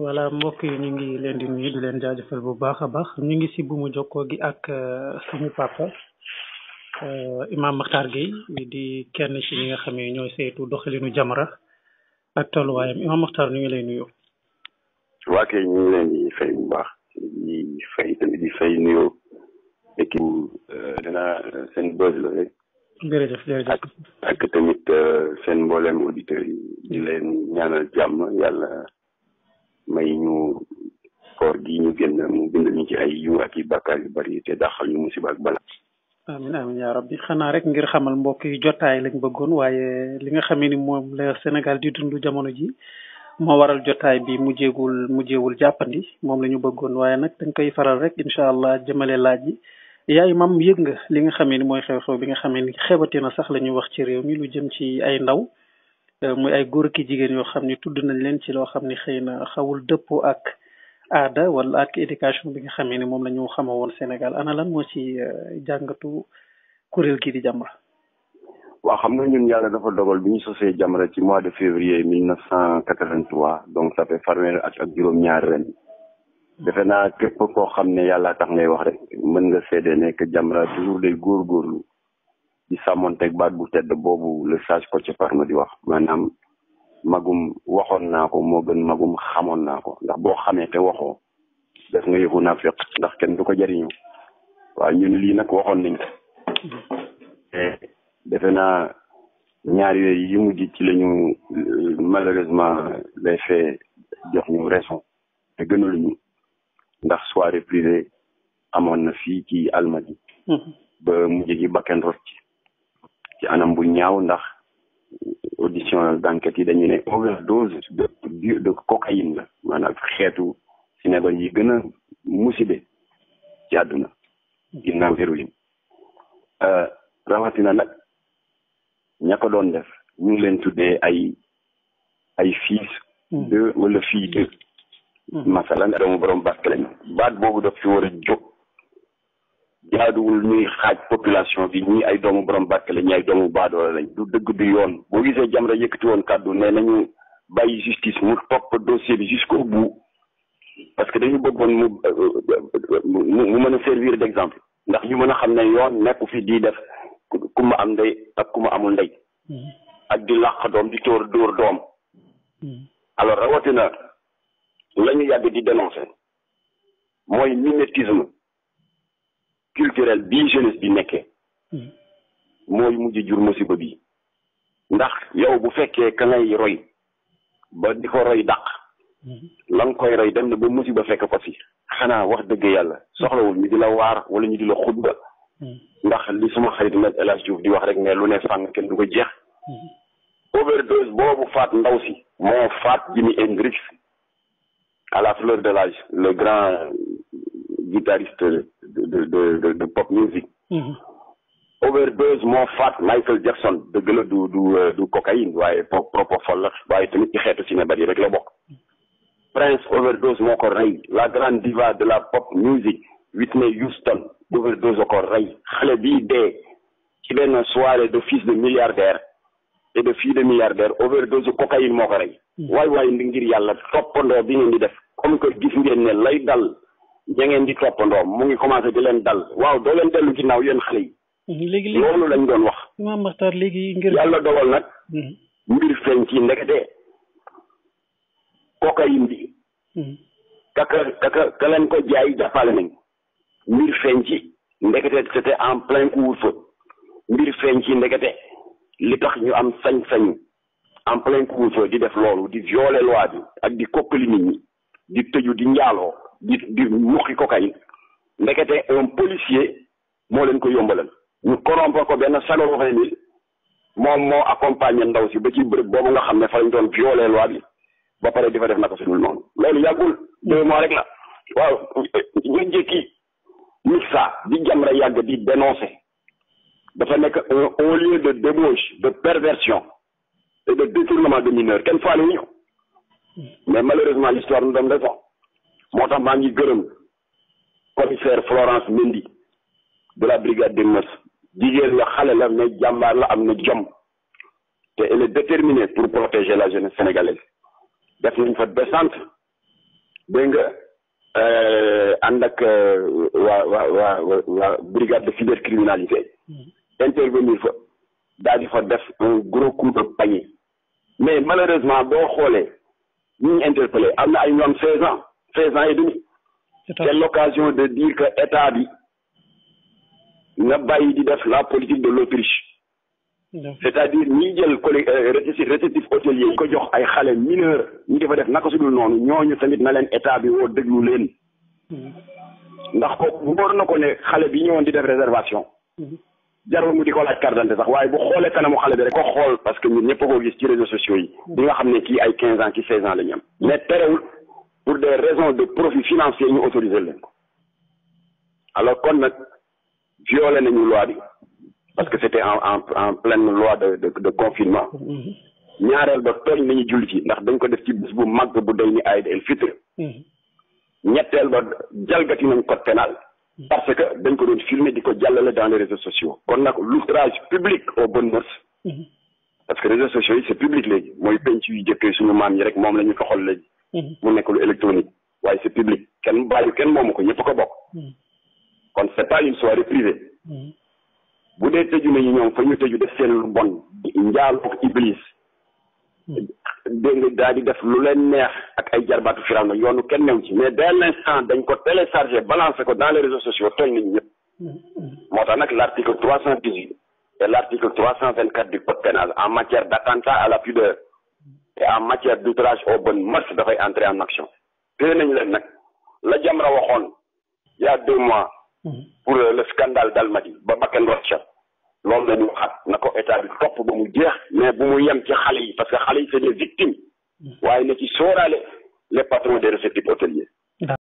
voilà mbokk yi ñu ngi leen di nuyu di leen bu baax a baax ñu ngi si bu mu jokkoo gi ak euh, suñu papa euh, Imam Makhtar Gueye di kenn ci ñi nga xam ne ñooy seetu doxalinu Jamra ak tolluwaayam Imam Makhtar ñu ngi lay nuyu. waa ñu leen di bu baax di fay tamit di fay nuyoo équipe dina euh, seen buzz la rek. jërëjëf ak tamit seen mboolem auditeurs yi di leen a jàmm yàlla. may ñu koor gi ñu génn mu bindal ñu ci ay yu ak i yu bari te daxal ñu musiba ak bala amin amin yaa rabbi xanaa rek ngir xamal mbokk yi jotaay lañ bëggoon waaye li nga xamee ni moom la Sénégal di dund jamono ji moo waral jotaay bi mujjeegul mujjeewul jàppandi moom la ñu bëggoon waaye nag dañ koy faral rek incha allah jëmale laaj yi yaa mam yëg nga li nga xamee ni mooy xew-xew bi nga xamee ni xebatina sax la ñuy wax ci réew mi lu jëm ci ay ndaw Euh, mooy ay góor ki jigéen yoo xam ni tudd nañ leen ci loo xam ni xëy na xawul dëppoo ak aada wala ak éducation bi nga xamee ne moom la ñu xama woon Sénégal ana lan moo ci euh, jàngatu kuréel gi di Jamra waaw xam nga ñun yàlla dafa dogal bi ñu sosee Jamra ci mois de février mille neuf cent quatre-vingt-trois donc ak juróom-ñaar ren defe naa képp koo xam ne yàlla tax ngay wax rek mën nga seede ne que Jamra toujours day góorgóorlu di sàmmonteeg baat bu tedd boobu le sage Kocc ma di wax maanaam magum waxoon naa ko moo gën magum xamoon naa ko ndax boo xamee te waxoo def nga yëfu naa féq ndax kenn du ko jariñu waaw ñun lii nag waxoon nañ ko naa ñaar yooyu yi mujj ci la ñu malheureusement les faits jox ñu raison te gënaluñu ndax soirée privée amoon na fi ci Almadies mm-hmm. ba mujj gi bakken rot ci ci anam bu ñaaw ndax audition d'enquête yi dañu ne overdose de de cocaïne la maanaam xeetu sinébar yi gën a musibe ci àdduna ginnaaw héroïne euh, rawatina nag ña ko doon def ñu ngi leen tuddee ay ay fils de mm. wala fille de mm. masalan doomu borom barke lañu baat boobu daf fi war a jóg jaaduwul ñuy xaaj population bi ñii ay doomu borom barke la ñii ay doomu baadoole lañ du dëgg du yoon boo gisee Jamra yëkkati woon kàddu ne nañu bàyyi justice mu topp dossier bi jusqu'au bout parce que dañu bëggoon mu mu mën a servir d'exemple ndax ñu mën a xam ne yoon nekku fi di def ku ma am ndey ak ku ma amul ndey hmm. ak di làq doom di tóor dóor doom hmm. alors rawatina la ñu yàgg di dénoncer mooy mimétisme culturel bii jeunesse bi nekkee hmm. mooy mujj jur musiba bi ndax yow bu fekkee ka ngay roy ba di ko roy dàq hmm. la koy roy dem na ba musiba fekk ko si xanaa wax dëgg yàlla soxlawul ñu di la waar wala ñu di la xutba hmm. ndax li suma xarit Me El di wax rek ne lu ne fàng kenn du ko jeex overdose boobu faat ndaw si moo faat Jimi Hendrix à la fleur de l'âge le grand guitariste de de de pop music. Hmm. overdose moo faat Michael Jackson dëgg la du du euh, du cocaïne waaye propofol la waaye tamit ci xeetu cinéma yi rek la bokk. Prince overdose moo ko rey la grande diva de la pop music Whitney Houston overdose a ko rey xale bii dee ci benn soirée de fils de milliardaire et de fille de milliardaire overdose cocaïne moo ko rey. Hmm. waay waay ngir yàlla toppandoo bi ngeen di def comme que gis ngeen ne lay dal. da ngeen di toppandoo mu ngi commencé di leen dal waaw doo leen dellu ginnaaw yéen xale yi. Mhm, léegi léegi loolu lañu doon wax. Imam Makhtar léegi ngir. yàlla dogal nag. Mhm. mbir feeñ ci ndekete. cocaïne bi. kaka mhm. kaka ka leen ko jaay jàppale nañ. mbir feeñ ci ndekete c'était en plein couvre-feu. mbir feeñ ci ndekete li tax ñu am sañ-sañu. en plein couvre-feu di def loolu di violer loi bi ak di kokkali ñi. di tëju di njaaloo. di di wuqi cocaïne ndekete un policier moo leen ko yombalal ñu corrompre ko benn salaire vingt mille moom moo accompagne ndaw si ba ci bërëb boobu nga xam ne fa lañ doon loi bi ba pare di fa def naka suñu noonu loolu yàggul deux rek la waaw ñu njëkki mixa di Jamra yàgg di dénoncer dafa nekk au lieu de débauche de perversion et de détournement de mineurs kenn faale wu ñu mais malheureusement l'histoire nous donne raison moo tax maa ngi gërëm commissaire Florence Mendy de la brigade des mœurs jigéen la xale la mais jàmbaar la am na jom te elle est déterminée pour protéger la jeunesse sénégalaise def nañ fa descente dégg nga euh, ànd ak euh, waa waa waa waa brigade de cybercriminalité mm-hmm. intervenir fa daal di fa def un gros coup de panier mais malheureusement boo xoolee ñu interpellé am na ay ñoom 16 ans. seize ans et demi c'est l'occasion de dire que état bi na bàyyi di def la politique de l'autruche c'est-à-dire ñi jël collé euh, réceptif hôtelier yi ko jox ay xale mineur ñi dafa def naka sudul noonu ñooñu tamit na leen état bi woo déglu leen mm-hmm. ndax ko wóor na ko ne xale bi ñëwoon di def réservation mm-hmm. jarul mu di ko laaj carte sax waaye bu xoolee kanamu xale bi rek ko xool parce que ñun ñëpp a ko gis ci réseaux sociaux yi mm-hmm. di nga xam ne kii ay quinze ans ki la ñu am pour des raisons de profit financier ñu autorisé leen ko alors kon nag violé nañu loi bi parce que c' était en en en pleine loi de de de confinement mm-hmm. ñaareel ba tooñ nañu jullit yi ndax dañ ko def ci bis bu màgg bu day ni Aïd el mm-hmm. ñetteel ba jalgati nañ code pénal mm-hmm. parce que dañ ko doon filmer di ko jàllale dans les réseaux sociaux kon nag l'outrage public aux bonnes mœurs parce que réseaux sociaux yi c' est léegi mooy penc yu jëkkee suñu maam yi rek moom la ñu toxal léegi mu nekk lu électronique waaye c'est public kenn bàyyi kenn moomu ko ñëpp ko bokk. Hmm. kon c'est pas une soirée hmm. bu dee tëju nañu ñoom fa ñu tëju def seen lu bon njaalu ak iblis. Hmm. nga daal di def lu leen neex ak ay jarbaatu firaw na yoonu kenn new ci mais dès l'instant dañ ko téléchargé balancé ko dans les réseaux sociaux tooñ nañu ñëpp. moo tax nag l'article trois cent dix-huit et l'article trois cent vingt-quatre du code pénal en matière d'attentat à la pudeur. et matière du aux bonnes mœurs dafay entrer en action téye nañ leen nag la Jamra waxoon il y a deux mois hmm. pour euh, le scandale d'Almadies ba bakken rocca loolu la ñu waxaat na ko état bi topp ba mu jeex mais bu mu yem ci xale yi parce que xale yi c'est des victimes hmm. waaye na ci sóoraale les patrons des réceptifs hôteliers